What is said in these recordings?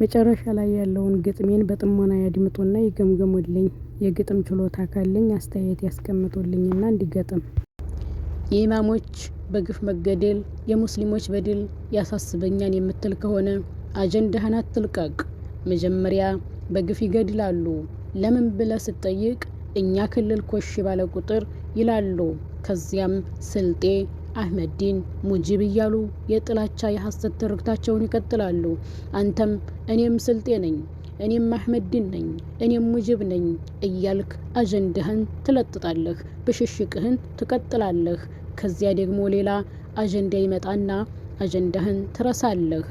መጨረሻ ላይ ያለውን ግጥሜን በጥሞና ያድምጡና ይገምገሙልኝ የግጥም ችሎታ ካለኝ አስተያየት ያስቀምጡልኝና እንዲገጥም። የኢማሞች በግፍ መገደል የሙስሊሞች በድል ያሳስበኛል የምትል ከሆነ አጀንዳህን አትልቀቅ። መጀመሪያ በግፍ ይገድላሉ ለምን ብለ ስትጠይቅ እኛ ክልል ኮሽ ባለ ቁጥር ይላሉ። ከዚያም ስልጤ አህመድ ዲን ሙጂብ እያሉ የጥላቻ የሐሰት ትርክታቸውን ይቀጥላሉ። አንተም እኔም ስልጤ ነኝ፣ እኔም አህመድ ዲን ነኝ፣ እኔም ሙጂብ ነኝ እያልክ አጀንዳህን ትለጥጣለህ፣ ብሽሽቅህን ትቀጥላለህ። ከዚያ ደግሞ ሌላ አጀንዳ ይመጣና አጀንዳህን ትረሳለህ።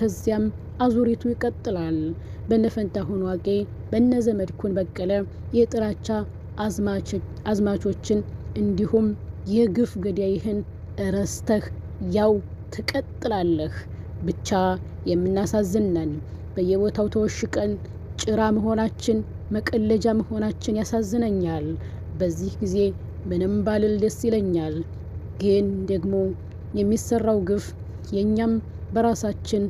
ከዚያም አዙሪቱ ይቀጥላል። በነፈንታሁን ዋቄ በነዘመድኩን በቀለ የጥላቻ አዝማቾችን እንዲሁም የግፍ ገዳይህን ረስተህ ያው ትቀጥላለህ። ብቻ የምናሳዝን በየቦታው ተወሽቀን ጭራ መሆናችን መቀለጃ መሆናችን ያሳዝነኛል። በዚህ ጊዜ ምንም ባልል ደስ ይለኛል። ግን ደግሞ የሚሰራው ግፍ የእኛም በራሳችን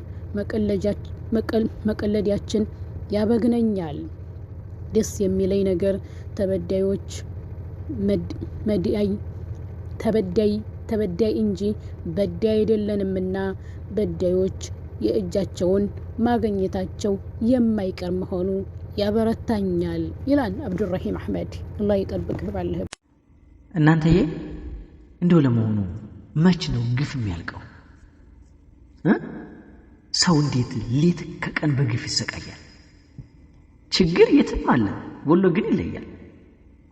መቀለዳችን ያበግነኛል። ደስ የሚለኝ ነገር ተበዳዮች ተበዳይ ተበዳይ እንጂ በዳይ አይደለንምና በዳዮች የእጃቸውን ማግኘታቸው የማይቀር መሆኑ ያበረታኛል ይላል አብዱራሂም አሕመድ። አላ ይጠብቅ ባለህ። እናንተዬ እንደው ለመሆኑ መች ነው ግፍ የሚያልቀው? ሰው እንዴት ሌት ከቀን በግፍ ይሰቃያል? ችግር የትም አለ፣ ወሎ ግን ይለያል።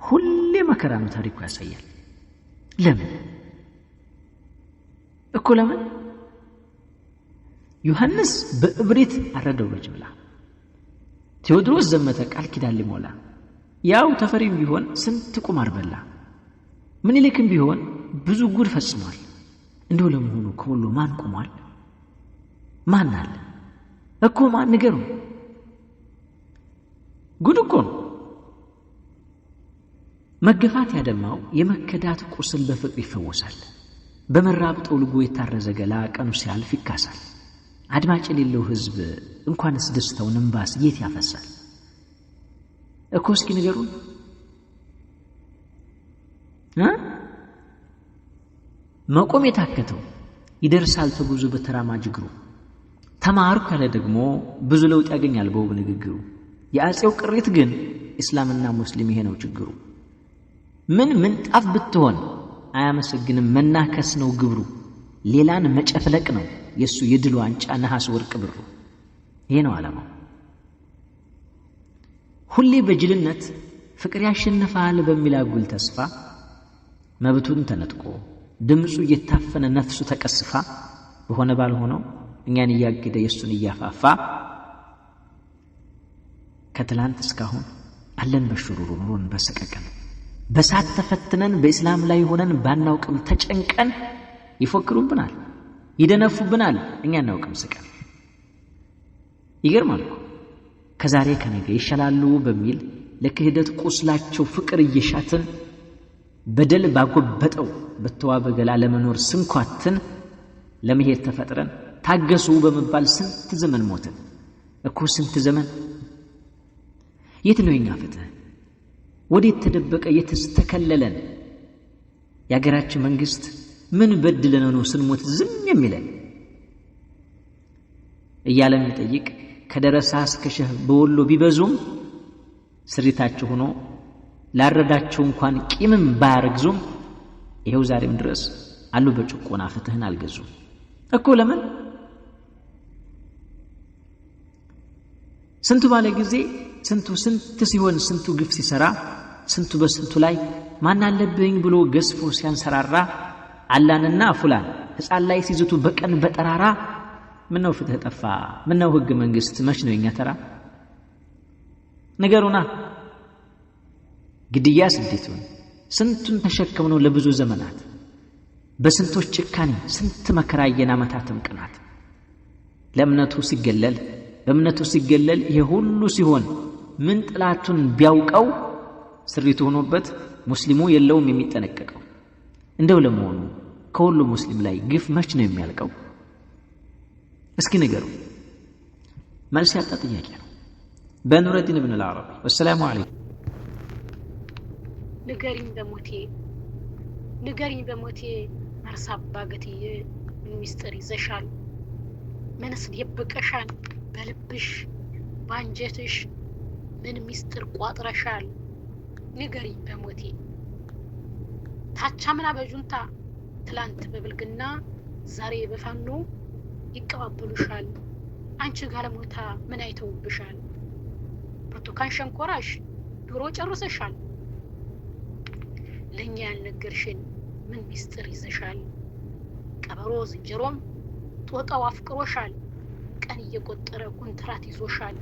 ሁሌ መከራ ነው ታሪኩ ያሳያል። ለምን? እኮ ለምን? ዮሐንስ በእብሪት አረደው ብላ? ቴዎድሮስ ዘመተ ቃል ኪዳን ሊሞላ ያው ተፈሪም ቢሆን ስንት ቁማር በላ ምኒልክም ቢሆን ብዙ ጉድ ፈጽሟል እንደው ለመሆኑ ከሁሉ ማን ቁሟል ማን አለ እኮ ማን ንገሩ ጉድ እኮ ነው መገፋት ያደማው የመከዳት ቁስል በፍቅር ይፈወሳል በመራብ ጠውልጎ የታረዘ ገላ ቀኑ ሲያልፍ ይካሳል። አድማጭ የሌለው ሕዝብ እንኳንስ ደስታውን እምባስ የት ያፈሳል? እኮ እስኪ ንገሩን መቆም የታከተው ይደርሳል ተጉዞ በተራማጅ እግሩ ተማርኩ ያለ ደግሞ ብዙ ለውጥ ያገኛል በውብ ንግግሩ። የአፄው ቅሪት ግን እስላምና ሙስሊም ይሄ ነው ችግሩ። ምን ምንጣፍ ብትሆን አያመሰግንም፣ መናከስ ነው ግብሩ። ሌላን መጨፍለቅ ነው የእሱ የድል ዋንጫ ነሐስ ወርቅ ብሩ። ይሄ ነው ዓላማው። ሁሌ በጅልነት ፍቅር ያሸንፋል በሚል አጉል ተስፋ መብቱን ተነጥቆ ድምፁ እየታፈነ ነፍሱ ተቀስፋ በሆነ ባልሆነው እኛን እያገደ የእሱን እያፋፋ ከትላንት እስካሁን አለን በሽሩሩ ኑሮን በሰቀቀን በሳት ተፈትነን በእስላም ላይ ሆነን ባናውቅም ተጨንቀን ይፎክሩብናል፣ ይደነፉብናል። እኛ እናውቅም ስቀን። ይገርማል እኮ ከዛሬ ከነገ ይሻላሉ በሚል ለክህደት ቁስላቸው ፍቅር እየሻትን በደል ባጎበጠው በተዋበ ገላ ለመኖር ስንኳትን ለመሄድ ተፈጥረን ታገሱ በመባል ስንት ዘመን ሞትን እኮ ስንት ዘመን። የት ነው የኛ ፍትህ? ወደ ተደበቀ የተስተከለለ የአገራችን መንግስት ምን በድለን ነው ስንሞት ዝም የሚለን እያለ የሚጠይቅ ከደረሳ እስከ ሸህ በወሎ ቢበዙም ስሪታቸው ሆኖ ላረዳቸው እንኳን ቂምም ባያረግዙም ይሄው ዛሬም ድረስ አሉ። በጭቆና ፍትህን አልገዙም እኮ ለምን? ስንቱ ባለ ጊዜ ስንቱ ስንት ሲሆን ስንቱ ግፍ ሲሰራ ስንቱ በስንቱ ላይ ማን አለብኝ ብሎ ገዝፎ ሲያንሰራራ አላንና ፉላን ህፃን ላይ ሲዝቱ በቀን በጠራራ ምነው ፍትህ ጠፋ? ምነው ህግ መንግስት? መች ነው የኛ ተራ? ነገሩና ግድያ እንዴት ስንቱን ተሸክምኖ ለብዙ ዘመናት በስንቶች ጭካኔ ስንት የን ዓመታትም ቅናት ለእምነቱ ሲገለል በእምነቱ ሲገለል ይሄ ሁሉ ሲሆን ምን ጥላቱን ቢያውቀው ስሪቱ ሆኖበት ሙስሊሙ የለውም የሚጠነቀቀው። እንደው ለመሆኑ ከሁሉም ሙስሊም ላይ ግፍ መች ነው የሚያልቀው? እስኪ ንገሩ። መልስ ያጣ ጥያቄ ነው። በኑረዲን ብን ልዓረቢ ወሰላሙ አለይኩም። ንገሪኝ በሞቴ ንገሪኝ በሞቴ መርሳ አባገትዬ ሚስጥር ይዘሻል፣ ምንስ የበቀሻል በልብሽ ባንጀትሽ ምን ሚስጥር ቋጥረሻል? ንገሪኝ በሞቴ ታቻምና በጁንታ ትላንት በብልግና ዛሬ በፋኖ ይቀባበሉሻል። አንቺ ጋለሞታ ምን አይተውብሻል? ብርቱካን ሸንኮራሽ ዶሮ ጨርሰሻል። ለእኛ ያልነገርሽን ምን ሚስጥር ይዘሻል? ቀበሮ ዝንጀሮም ጦጣው አፍቅሮሻል። ቀን እየቆጠረ ኩንትራት ይዞሻል።